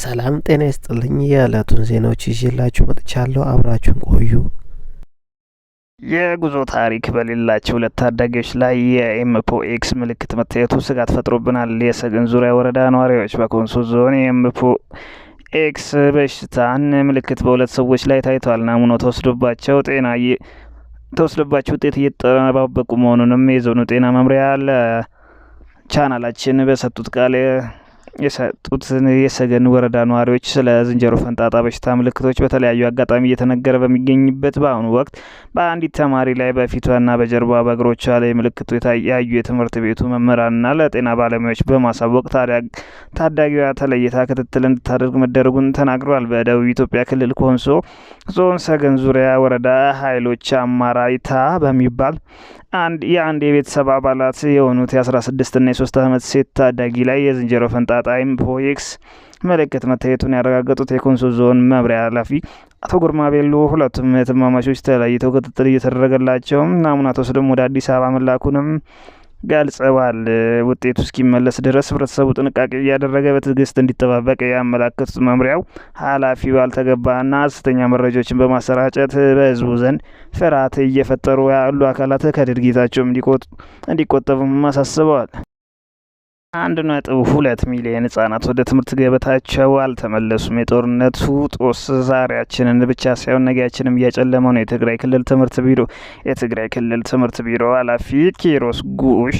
ሰላም ጤና ይስጥልኝ። የዕለቱን ዜናዎች ይዤላችሁ መጥቻለሁ። አብራችሁን ቆዩ። የጉዞ ታሪክ በሌላቸው ሁለት ታዳጊዎች ላይ የኤምፖ ኤክስ ምልክት መታየቱ ስጋት ፈጥሮብናል። የሰገን ዙሪያ ወረዳ ነዋሪዎች በኮንሶ ዞን የኤምፖ ኤክስ በሽታን ምልክት በሁለት ሰዎች ላይ ታይተዋል። ናሙናው ተወስዶባቸው ጤና ተወስዶባቸው ውጤት እየተጠባበቁ መሆኑንም የዞኑ ጤና መምሪያ ለቻናላችን በሰጡት ቃል የሰጡትን የሰገን ወረዳ ነዋሪዎች ስለ ዝንጀሮ ፈንጣጣ በሽታ ምልክቶች በተለያዩ አጋጣሚ እየተነገረ በሚገኝበት በአሁኑ ወቅት በአንዲት ተማሪ ላይ በፊቷና በጀርባ በእግሮቿ ላይ ምልክቱ ያዩ የትምህርት ቤቱ መምህራንና ለጤና ባለሙያዎች በማሳወቅ ታዳጊዋ ተለይታ ክትትል እንድታደርግ መደረጉን ተናግረዋል። በደቡብ ኢትዮጵያ ክልል ኮንሶ ዞን ሰገን ዙሪያ ወረዳ ኃይሎች አማራይታ በሚባል አንድ የአንድ የቤተሰብ አባላት የሆኑት የ16ና የ3 ዓመት ሴት ታዳጊ ላይ የዝንጀሮ ፈንጣጣ ተቃጣይም ፕሮጀክት ምልክት መታየቱን ያረጋገጡት የኮንሶ ዞን መምሪያ ኃላፊ አቶ ጉርማ ቤሎ ሁለቱም እህትማማቾች ተለይተው ክትትል እየተደረገላቸው ናሙና ተወስዶም ወደ አዲስ አበባ መላኩንም ገልጸዋል። ውጤቱ እስኪመለስ ድረስ ህብረተሰቡ ጥንቃቄ እያደረገ በትዕግስት እንዲጠባበቅ ያመላከቱት መምሪያው ኃላፊው ያልተገባና ሐሰተኛ መረጃዎችን በማሰራጨት በህዝቡ ዘንድ ፍርሃት እየፈጠሩ ያሉ አካላት ከድርጊታቸውም እንዲቆጠቡም አሳስበዋል። አንድ ነጥብ ሁለት ሚሊዮን ህጻናት ወደ ትምህርት ገበታቸው አልተመለሱም። የጦርነቱ ጦስ ዛሬያችንን ብቻ ሳይሆን ነጊያችንም እያጨለመው ነው። የትግራይ ክልል ትምህርት ቢሮ የትግራይ ክልል ትምህርት ቢሮ ኃላፊ ኪሮስ ጉሽ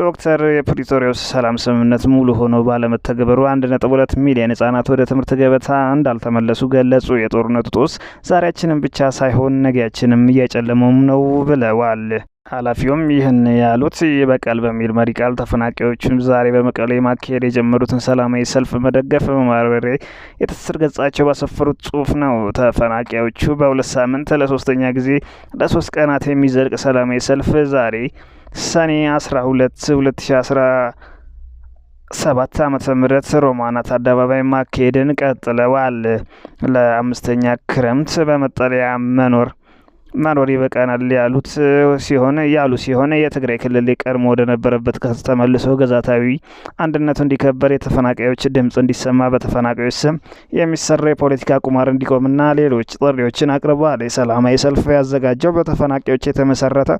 ዶክተር የፕሪቶሪያው ሰላም ስምምነት ሙሉ ሆኖ ባለመተግበሩ አንድ ነጥብ ሁለት ሚሊዮን ህጻናት ወደ ትምህርት ገበታ እንዳልተመለሱ ገለጹ። የጦርነቱ ጦስ ዛሬያችንን ብቻ ሳይሆን ነጊያችንም እያጨለመውም ነው ብለዋል። ኃላፊውም ይህን ያሉት ይበቃል በሚል መሪ ቃል ተፈናቃዮችም ዛሬ በመቀሌ ማካሄድ የጀመሩትን ሰላማዊ ሰልፍ መደገፍ በማህበራዊ የትስስር ገጻቸው ባሰፈሩት ጽሁፍ ነው። ተፈናቃዮቹ በሁለት ሳምንት ለሶስተኛ ጊዜ ለሶስት ቀናት የሚዘልቅ ሰላማዊ ሰልፍ ዛሬ ሰኔ አስራ ሰባት ዓ ም ሮማናት አደባባይ ማካሄድን ቀጥለዋል። ለአምስተኛ ክረምት በመጠለያ መኖር መኖር ይበቃናል ያሉት ሲሆን ያሉ ሲሆን የትግራይ ክልል ቀድሞ ወደ ነበረበት ተመልሶ ግዛታዊ አንድነቱ እንዲከበር የተፈናቃዮች ድምፅ እንዲሰማ በተፈናቃዮች ስም የሚሰራ የፖለቲካ ቁማር እንዲቆምና ሌሎች ጥሪዎችን አቅርበዋል። የሰላማዊ ሰልፍ ያዘጋጀው በተፈናቃዮች የተመሰረተ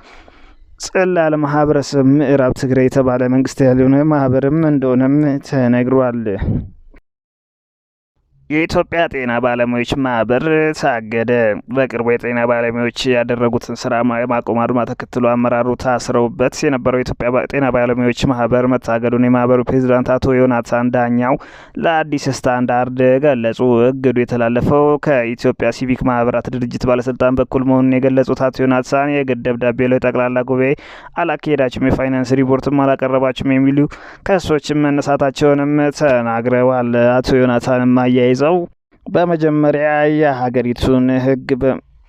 ጽላል ማህበረሰብ ምዕራብ ትግራይ የተባለ መንግስት ያልሆነ ማህበርም እንደሆነም ተነግሯል። የኢትዮጵያ ጤና ባለሙያዎች ማህበር ታገደ። በቅርቡ የጤና ባለሙያዎች ያደረጉትን ስራ የማቆም አድማ ተከትሎ አመራሩ ታስረውበት የነበረው የኢትዮጵያ ጤና ባለሙያዎች ማህበር መታገዱን የማህበሩ ፕሬዚዳንት አቶ ዮናታን ዳኛው ለአዲስ ስታንዳርድ ገለጹ። እግዱ የተላለፈው ከኢትዮጵያ ሲቪክ ማህበራት ድርጅት ባለስልጣን በኩል መሆኑን የገለጹት አቶ ዮናታን የግድ ደብዳቤ ላይ ጠቅላላ ጉባኤ አላካሄዳችሁም፣ የፋይናንስ ሪፖርትም አላቀረባችሁም የሚሉ ክሶችም መነሳታቸውንም ተናግረዋል። አቶ ዮናታን ማያይዘ ይዘው በመጀመሪያ የሀገሪቱን ህግ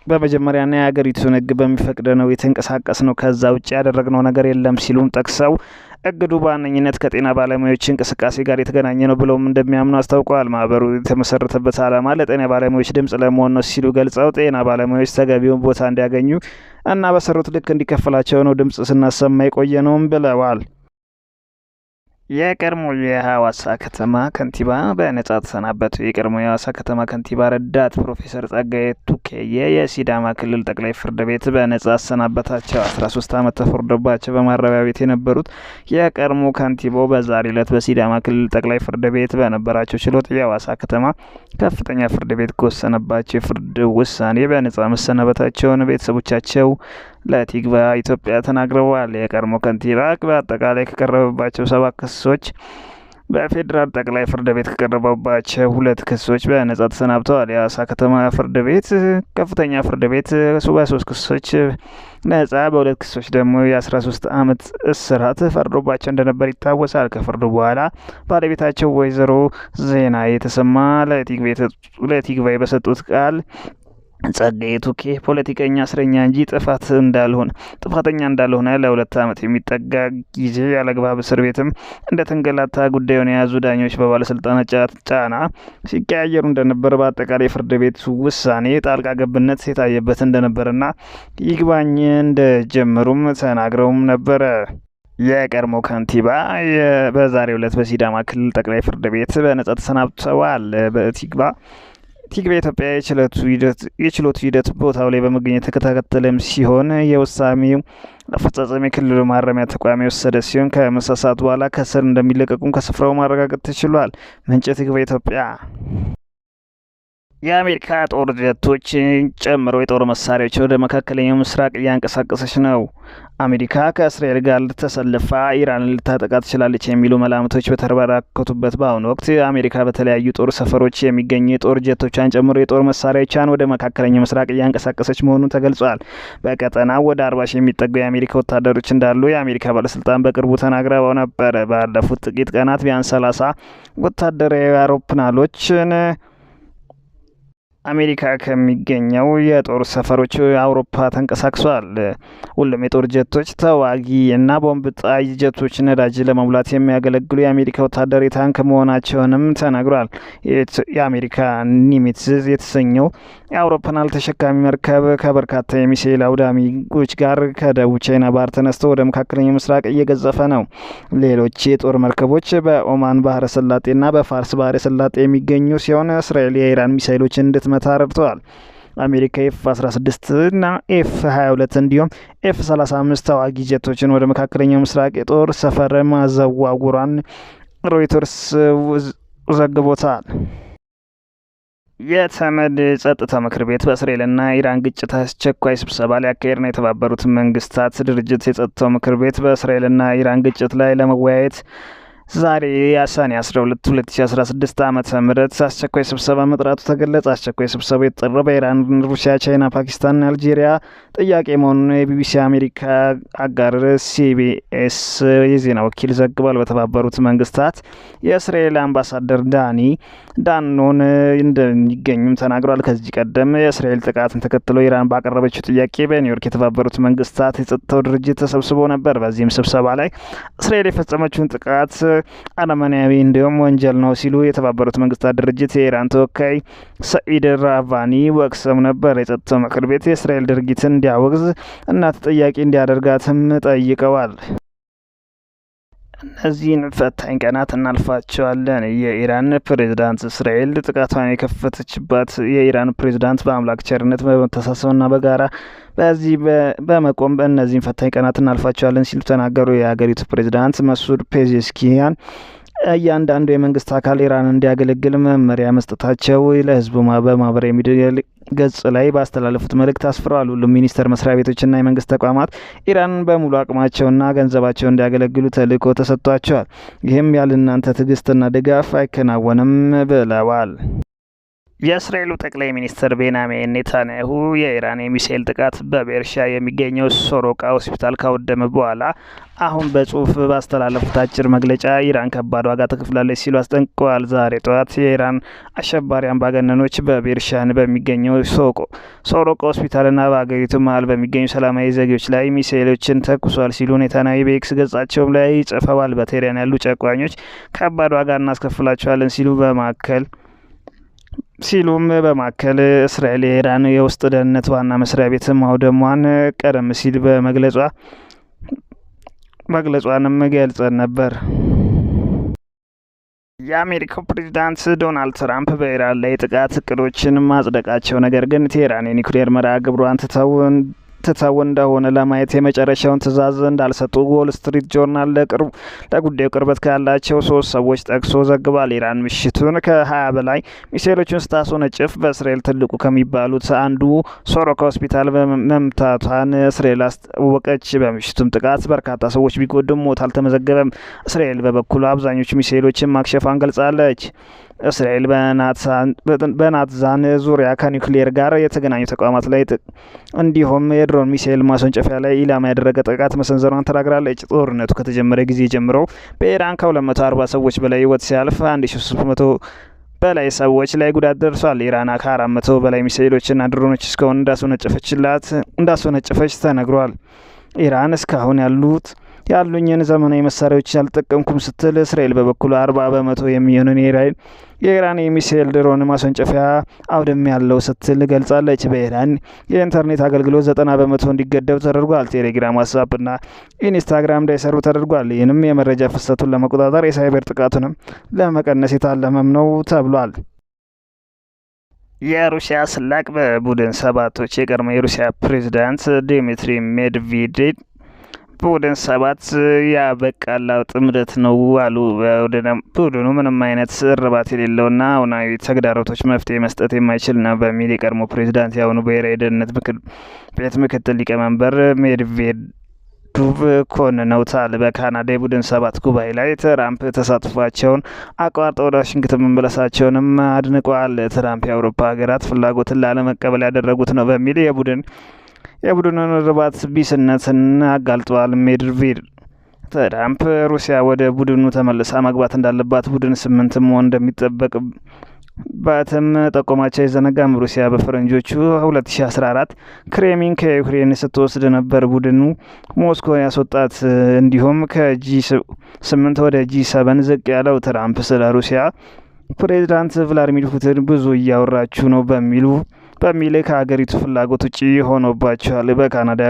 በመጀመሪያና የሀገሪቱን ህግ በሚፈቅደ ነው የተንቀሳቀስ ነው ከዛ ውጭ ያደረግነው ነገር የለም ሲሉም ጠቅሰው እግዱ በዋነኝነት ከጤና ባለሙያዎች እንቅስቃሴ ጋር የተገናኘ ነው ብለውም እንደሚያምኑ አስታውቀዋል። ማህበሩ የተመሰረተበት ዓላማ ለጤና ባለሙያዎች ድምጽ ለመሆን ነው ሲሉ ገልጸው ጤና ባለሙያዎች ተገቢውን ቦታ እንዲያገኙ እና በሰሩት ልክ እንዲከፈላቸው ነው ድምጽ ስናሰማ የቆየ ነውም ብለዋል። የቀድሞ የሐዋሳ ከተማ ከንቲባ በነጻ ተሰናበቱ። የቀድሞ የሐዋሳ ከተማ ከንቲባ ረዳት ፕሮፌሰር ጸጋዬ ቱኬየ የሲዳማ ክልል ጠቅላይ ፍርድ ቤት በነጻ አሰናበታቸው። 13 ዓመት ተፈርዶባቸው በማረቢያ ቤት የነበሩት የቀድሞ ከንቲባው በዛሬ ዕለት በሲዳማ ክልል ጠቅላይ ፍርድ ቤት በነበራቸው ችሎት የሐዋሳ ከተማ ከፍተኛ ፍርድ ቤት ከወሰነባቸው የፍርድ ውሳኔ በነጻ መሰናበታቸውን ቤተሰቦቻቸው ለቲግባ ኢትዮጵያ ተናግረዋል። የቀድሞ ከንቲባ በአጠቃላይ ከቀረበባቸው ሰባ ክሶች በፌዴራል ጠቅላይ ፍርድ ቤት ከቀረበባቸው ሁለት ክሶች በነጻ ተሰናብተዋል። የአዋሳ ከተማ ፍርድ ቤት ከፍተኛ ፍርድ ቤት በሶስት ክሶች ነጻ፣ በሁለት ክሶች ደግሞ የ13 ዓመት እስራት ፈርዶባቸው እንደነበር ይታወሳል። ከፍርዱ በኋላ ባለቤታቸው ወይዘሮ ዜና የተሰማ ለቲግቫይ በሰጡት ቃል ጸጋዬ ቱኬ ፖለቲከኛ እስረኛ እንጂ ጥፋት እንዳልሆነ ጥፋተኛ እንዳልሆነ ለሁለት ዓመት የሚጠጋ ጊዜ ያለግባብ እስር ቤትም እንደተንገላታ ጉዳዩን የያዙ ዳኞች በባለስልጣናት ጫና ሲቀያየሩ እንደነበር በአጠቃላይ ፍርድ ቤት ውሳኔ ጣልቃ ገብነት የታየበት እንደነበርና ይግባኝ እንደጀመሩም ተናግረውም ነበረ። የቀድሞ ከንቲባ በዛሬው ዕለት በሲዳማ ክልል ጠቅላይ ፍርድ ቤት በነጻ ተሰናብተዋል። በቲግባ ቲግቤ ኢትዮጵያ የችሎቱ ሂደት ቦታው ላይ በመገኘት ተከታተለም ሲሆን የውሳኔው አፈጻጸም የክልሉ ማረሚያ ተቋም የወሰደ ሲሆን ከመሳሳት በኋላ ከእስር እንደሚለቀቁም ከስፍራው ማረጋገጥ ተችሏል። ምንጭ ቲግቤ ኢትዮጵያ የአሜሪካ ጦር ጀቶችን ጨምሮ የጦር መሳሪያዎችን ወደ መካከለኛው ምስራቅ እያንቀሳቀሰች ነው። አሜሪካ ከእስራኤል ጋር ልተሰልፋ ኢራንን ልታጠቃ ትችላለች የሚሉ መላምቶች በተበራከቱበት በአሁኑ ወቅት አሜሪካ በተለያዩ ጦር ሰፈሮች የሚገኙ የጦር ጀቶቿን ጨምሮ የጦር መሳሪያዎቿን ወደ መካከለኛው ምስራቅ እያንቀሳቀሰች መሆኑን ተገልጿል። በቀጠናው ወደ አርባ ሺህ የሚጠጉ የአሜሪካ ወታደሮች እንዳሉ የአሜሪካ ባለስልጣን በቅርቡ ተናግረው ነበር። ባለፉት ጥቂት ቀናት ቢያንስ ሰላሳ ወታደራዊ አውሮፕላኖችን አሜሪካ ከሚገኘው የጦር ሰፈሮች አውሮፓ ተንቀሳቅሷል። ሁሉም የጦር ጀቶች ተዋጊ እና ቦምብ ጣይ ጀቶች ነዳጅ ለመሙላት የሚያገለግሉ የአሜሪካ ወታደር የታንክ መሆናቸውንም ተነግሯል። የአሜሪካ ኒሚትዝ የተሰኘው የአውሮፕላን ተሸካሚ መርከብ ከበርካታ የሚሳኤል አውዳሚዎች ጋር ከደቡብ ቻይና ባህር ተነስቶ ወደ መካከለኛው ምስራቅ እየገዘፈ ነው። ሌሎች የጦር መርከቦች በኦማን ባህረ ሰላጤና በፋርስ ባህረ ሰላጤ የሚገኙ ሲሆን እስራኤል የኢራን ሚሳኤሎች እንድትመ ዓመት አረብተዋል። አሜሪካ ኤፍ 16 እና ኤፍ 22 እንዲሁም ኤፍ 35 ተዋጊ ጀቶችን ወደ መካከለኛው ምስራቅ የጦር ሰፈር ማዘዋጉሯን ሮይተርስ ዘግቦታል። የተመድ ጸጥታ ምክር ቤት በእስራኤልና ኢራን ግጭት አስቸኳይ ስብሰባ ሊያካሄድ ነው። የተባበሩት መንግስታት ድርጅት የጸጥታው ምክር ቤት በእስራኤልና ኢራን ግጭት ላይ ለመወያየት ዛሬ የሰኔ 12 2016 ዓመተ ምህረት አስቸኳይ ስብሰባ መጥራቱ ተገለጸ። አስቸኳይ ስብሰባው የተጠራው በኢራን፣ ሩሲያ፣ ቻይና፣ ፓኪስታን፣ አልጄሪያ ጥያቄ መሆኑን የቢቢሲ አሜሪካ አጋር ሲቢኤስ የዜና ወኪል ዘግቧል። በተባበሩት መንግስታት የእስራኤል አምባሳደር ዳኒ ዳኖን እንደሚገኙም ተናግሯል። ከዚህ ቀደም የእስራኤል ጥቃትን ተከትሎ ኢራን ባቀረበችው ጥያቄ በኒውዮርክ የተባበሩት መንግስታት የጸጥታው ድርጅት ተሰብስቦ ነበር። በዚህም ስብሰባ ላይ እስራኤል የፈጸመችውን ጥቃት አረመኔያዊ እንዲሁም ወንጀል ነው ሲሉ የተባበሩት መንግስታት ድርጅት የኢራን ተወካይ ሰኢድ ራቫኒ ወቅሰው ነበር። የጸጥታው ምክር ቤት የእስራኤል ድርጊትን እንዲያወግዝ እና ተጠያቂ እንዲያደርጋትም ጠይቀዋል። እነዚህን ፈታኝ ቀናት እናልፋቸዋለን። የኢራን ፕሬዝዳንት እስራኤል ጥቃቷን የከፈተችባት የኢራን ፕሬዝዳንት በአምላክ ቸርነት በመተሳሰብና በጋራ በዚህ በመቆም እነዚህን ፈታኝ ቀናት እናልፋቸዋለን ሲሉ ተናገሩ። የሀገሪቱ ፕሬዝዳንት መሱድ ፔዜስኪያን እያንዳንዱ የመንግስት አካል ኢራን እንዲያገለግል መመሪያ መስጠታቸው ለህዝቡ በማህበራዊ ሚዲያ ገጽ ላይ ባስተላለፉት መልእክት አስፍረዋል። ሁሉም ሚኒስቴር መስሪያ ቤቶችና የመንግስት ተቋማት ኢራንን በሙሉ አቅማቸውና ገንዘባቸው እንዲያገለግሉ ተልእኮ ተሰጥቷቸዋል። ይህም ያለ እናንተ ትዕግስትና ድጋፍ አይከናወንም ብለዋል። የእስራኤሉ ጠቅላይ ሚኒስትር ቤንያሚን ኔታንያሁ የኢራን የሚሳኤል ጥቃት በቤርሻ የሚገኘው ሶሮቃ ሆስፒታል ካወደመ በኋላ አሁን በጽሁፍ ባስተላለፉት አጭር መግለጫ ኢራን ከባድ ዋጋ ትከፍላለች ሲሉ አስጠንቅቀዋል። ዛሬ ጠዋት የኢራን አሸባሪ አምባገነኖች በቤርሻን በሚገኘው ሶቆ ሶሮቃ ሆስፒታልና በአገሪቱ መሀል በሚገኙ ሰላማዊ ዜጎች ላይ ሚሳኤሎችን ተኩሷል ሲሉ ኔታንያሁ በኤክስ ገጻቸውም ላይ ጽፈዋል። በቴህራን ያሉ ጨቋኞች ከባድ ዋጋ እናስከፍላቸዋለን ሲሉ በማከል ሲሉም በማከል እስራኤል የኢራን የውስጥ ደህንነት ዋና መስሪያ ቤት ማውደሟን ቀደም ሲል በመግለጿ መግለጿንም ገልጸን ነበር። የአሜሪካው ፕሬዚዳንት ዶናልድ ትራምፕ በኢራን ላይ ጥቃት እቅዶችን ማጽደቃቸው ነገር ግን ቴህራን የኒውክሌር መርሃ ግብሯን ትተው ትተው እንደሆነ ለማየት የመጨረሻውን ትዕዛዝ እንዳልሰጡ ዎል ስትሪት ጆርናል ለጉዳዩ ቅርበት ካላቸው ሶስት ሰዎች ጠቅሶ ዘግቧል። ኢራን ምሽቱን ከ በላይ ሚሳይሎችን ስታስወነጭፍ በእስራኤል ትልቁ ከሚባሉት አንዱ ሶሮካ ሆስፒታል መምታቷን እስራኤል አስታወቀች። በምሽቱም ጥቃት በርካታ ሰዎች ቢጎዱም ሞት አልተመዘገበም። እስራኤል በበኩሉ አብዛኞቹ ሚሳይሎችን ማክሸፏን ገልጻለች። እስራኤል በናትዛን ዙሪያ ከኒውክሌር ጋር የተገናኙ ተቋማት ላይ እንዲሁም የድሮን ሚሳኤል ማስወንጨፊያ ላይ ኢላማ ያደረገ ጥቃት መሰንዘሯን ተናግራለች። ጦርነቱ ከተጀመረ ጊዜ ጀምሮ በኢራን ከ240 ሰዎች በላይ ህይወት ሲያልፍ 1600 በላይ ሰዎች ላይ ጉዳት ደርሷል። ኢራን ከ400 በላይ ሚሳኤሎችና ድሮኖች እስካሁን እንዳስወነጨፈችላት እንዳስወነጨፈች ተነግሯል። ኢራን እስካሁን ያሉት ያሉኝን ዘመናዊ መሳሪያዎች አልጠቀምኩም ስትል እስራኤል በበኩሉ አርባ በመቶ የሚሆኑን የኢራን የኢራን የሚሳኤል ድሮን ማስወንጨፊያ አውድም ያለው ስትል ገልጻለች። በኢራን የኢንተርኔት አገልግሎት ዘጠና በመቶ እንዲገደብ ተደርጓል። ቴሌግራም፣ ዋትሳፕና ኢንስታግራም እንዳይሰሩ ተደርጓል። ይህንም የመረጃ ፍሰቱን ለመቆጣጠር የሳይበር ጥቃቱንም ለመቀነስ የታለመም ነው ተብሏል። የሩሲያ ስላቅ በቡድን ሰባቶች የቀድሞ የሩሲያ ፕሬዚዳንት ዲሚትሪ ሜድቬዴቭ ቡድን ሰባት ያበቃላ ጥምረት ነው አሉ። ቡድኑ ምንም አይነት እርባት የሌለውና አሁናዊ ተግዳሮቶች መፍትሄ መስጠት የማይችል ነው በሚል የቀድሞ ፕሬዚዳንት የአሁኑ ብሔራዊ ደህንነት ቤት ምክትል ሊቀመንበር ሜድቬድ ዱብ ኮንነውታል። በካናዳ የቡድን ሰባት ጉባኤ ላይ ትራምፕ ተሳትፏቸውን አቋርጠው ወደ ዋሽንግተን መመለሳቸውንም አድንቀዋል። ትራምፕ የአውሮፓ ሀገራት ፍላጎትን ላለመቀበል ያደረጉት ነው በሚል የቡድን የቡድኑን እርባት ቢስነትን አጋልጧል። ሜድቬድ ትራምፕ ሩሲያ ወደ ቡድኑ ተመልሳ መግባት እንዳለባት ቡድን ስምንት መሆን እንደሚጠበቅባትም ጠቆማቸው አይዘነጋም። ሩሲያ በፈረንጆቹ 2014 ክሬሚን ከዩክሬን ስትወስድ ነበር ቡድኑ ሞስኮ ያስወጣት። እንዲሁም ከጂ ስምንት ወደ ጂ ሰበን ዝቅ ያለው ትራምፕ ስለ ሩሲያ ፕሬዚዳንት ቭላዲሚር ፑቲን ብዙ እያወራችሁ ነው በሚሉ በሚል ከሀገሪቱ ፍላጎት ውጭ ሆኖባቸዋል። በካናዳ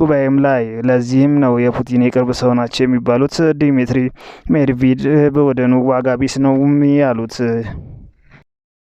ጉባኤም ላይ ለዚህም ነው የፑቲን የቅርብ ሰው ናቸው የሚባሉት ዲሚትሪ ሜድቪድ በወደኑ ዋጋ ቢስ ነው ያሉት።